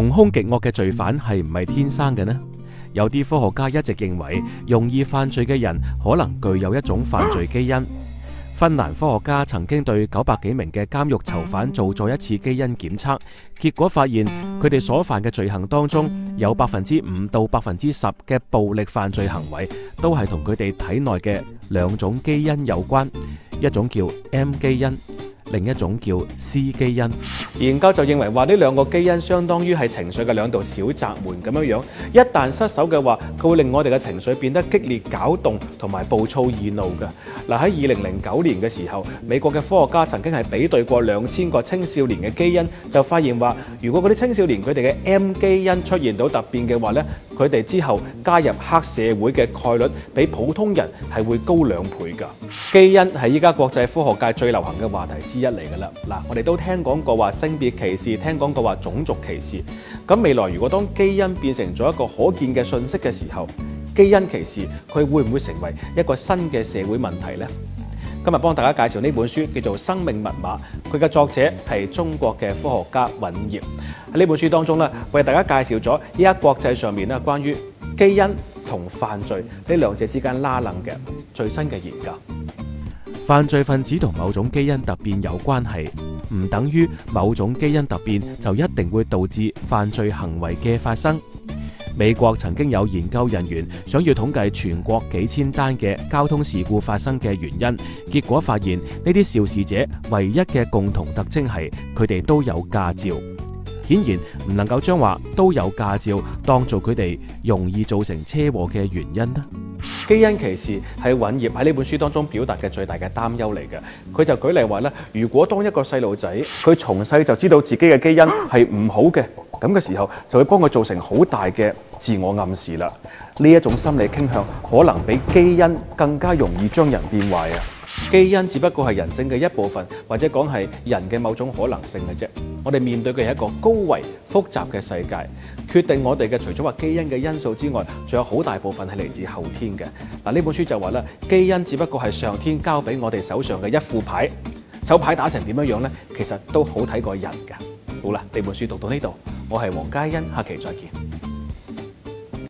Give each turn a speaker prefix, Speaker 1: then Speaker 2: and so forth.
Speaker 1: 窮凶極惡嘅罪犯係唔係天生嘅呢？有啲科學家一直認為，容易犯罪嘅人可能具有一種犯罪基因。芬蘭科學家曾經對九百幾名嘅監獄囚犯做咗一次基因檢測，結果發現佢哋所犯嘅罪行當中，有百分之五到百分之十嘅暴力犯罪行為都係同佢哋體內嘅兩種基因有關，一種叫 M 基因。另一種叫 C 基因，研究就認為話呢兩個基因相當於係情緒嘅兩道小閘門咁樣樣，一旦失手嘅話，佢會令我哋嘅情緒變得激烈、攪動同埋暴躁易怒嘅。嗱，喺二零零九年嘅時候，美國嘅科學家曾經係比對過兩千個青少年嘅基因，就發現話，如果嗰啲青少年佢哋嘅 M 基因出現到突變嘅話咧。佢哋之後加入黑社會嘅概率比普通人係會高兩倍㗎。基因係依家國際科學界最流行嘅話題之一嚟㗎啦。嗱，我哋都聽講過話性別歧視，聽講過話種族歧視。咁未來如果當基因變成咗一個可見嘅信息嘅時候，基因歧視佢會唔會成為一個新嘅社會問題呢？今日幫大家介紹呢本書，叫做《生命密碼》，佢嘅作者係中國嘅科學家尹燁。喺呢本書當中咧，為大家介紹咗依家國際上面咧關於基因同犯罪呢兩者之間拉楞嘅最新嘅研究。犯罪分子同某種基因突變有關係，唔等於某種基因突變就一定會導致犯罪行為嘅發生。美國曾經有研究人員想要統計全國幾千單嘅交通事故發生嘅原因，結果發現呢啲肇事者唯一嘅共同特徵係佢哋都有駕照。顯然唔能夠將話都有駕照當做佢哋容易造成車禍嘅原因啦。基因歧視係尹燁喺呢本書當中表達嘅最大嘅擔憂嚟嘅。佢就舉例話咧，如果當一個細路仔，佢從細就知道自己嘅基因係唔好嘅。咁嘅時候就會幫佢造成好大嘅自我暗示啦。呢一種心理傾向可能比基因更加容易將人變壞啊！基因只不過係人性嘅一部分，或者講係人嘅某種可能性嘅啫。我哋面對嘅係一個高維複雜嘅世界，決定我哋嘅除咗話基因嘅因素之外，仲有好大部分係嚟自後天嘅。嗱，呢本書就話咧，基因只不過係上天交俾我哋手上嘅一副牌，手牌打成點樣樣呢？其實都好睇過人㗎。好啦，呢本書讀到呢度。我係黃嘉欣，下期再見。